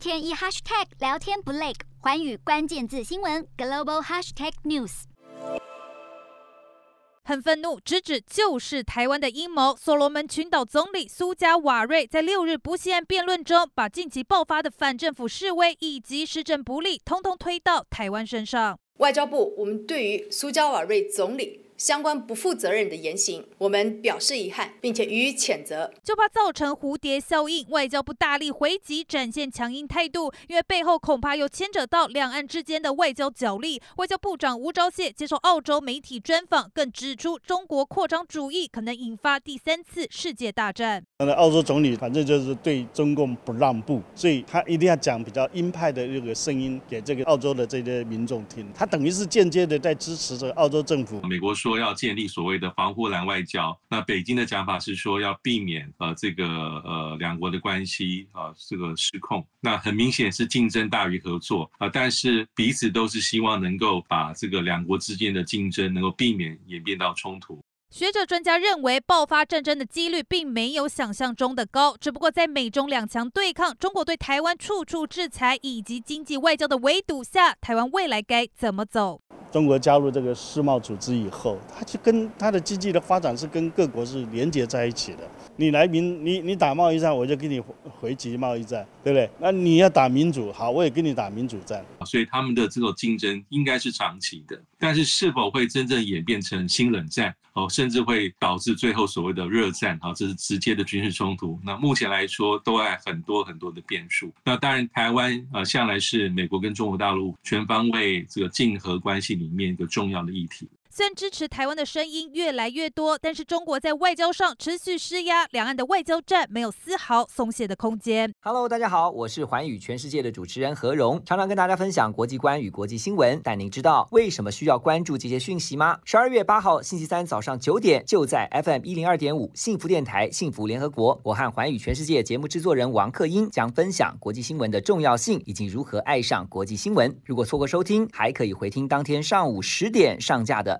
天一 hashtag 聊天不累，寰宇關鍵字新聞 global hashtag news。很憤怒，直指就是台灣的陰謀。所羅門群島總理蘇加瓦瑞在六日不信任案辯論中，把近期爆發的反政府示威以及施政不力，通通推到台灣身上。外交部，我們對於蘇加瓦瑞總理。相關不負責任的言行，我們表示遺憾，並且予以譴責。就怕造成蝴蝶效應，外交部大力回擊，展現強硬態度，因為背後恐怕又牽扯到兩岸之間的外交角力。外交部長吳釗燮接受澳洲媒體專訪，更指出中國擴張主義可能引發第三次世界大戰。那澳洲總理反正就是對中共不讓步，所以他一定要講比較鷹派的這個聲音給這個澳洲的這些民眾聽，他等於是間接的在支持這個澳洲政府。美國說。說要建立所謂的防護欄外交，那北京的講法是說要避免呃這個呃兩國的關係啊、呃、這個失控，那很明顯是競爭大於合作啊、呃，但是彼此都是希望能夠把這個兩國之間的競爭能夠避免演變到衝突。學者專家認為，爆發戰爭的幾率並沒有想象中的高，只不過在美中兩強對抗、中國對台灣處處制裁以及經濟外交的圍堵下，台灣未來該怎麼走？中國加入這個世貿組織以後，它就跟它的經濟的發展是跟各國是連接在一起的。你來民你你打貿易戰，我就跟你回回擊貿易戰，對不對？那你要打民主，好，我也跟你打民主戰。所以他們的這種競爭應該是長期的，但是是否會真正演變成新冷戰，哦，甚至會導致最後所謂的熱戰，啊，這是直接的軍事衝突。那目前來說，都還有很多很多的變數。那當然，台灣啊、呃，向來是美國跟中國大陸全方位這個競合關係。裡面一個重要的議題。雖然支持台灣的聲音越來越多，但是中國在外交上持續施壓，兩岸的外交戰沒有絲毫鬆懈的空間。Hello，大家好，我是寰宇全世界的主持人何榮，常常跟大家分享國際觀與國際新聞。但您知道為什麼需要關注這些訊息嗎？十二月八號星期三早上九點，就在 FM 一零二點五幸福電台、幸福聯合國，我和寰宇全世界節目制作人王克英將分享國際新聞的重要性以及如何愛上國際新聞。如果錯過收聽，還可以回聽當天上午十點上架的。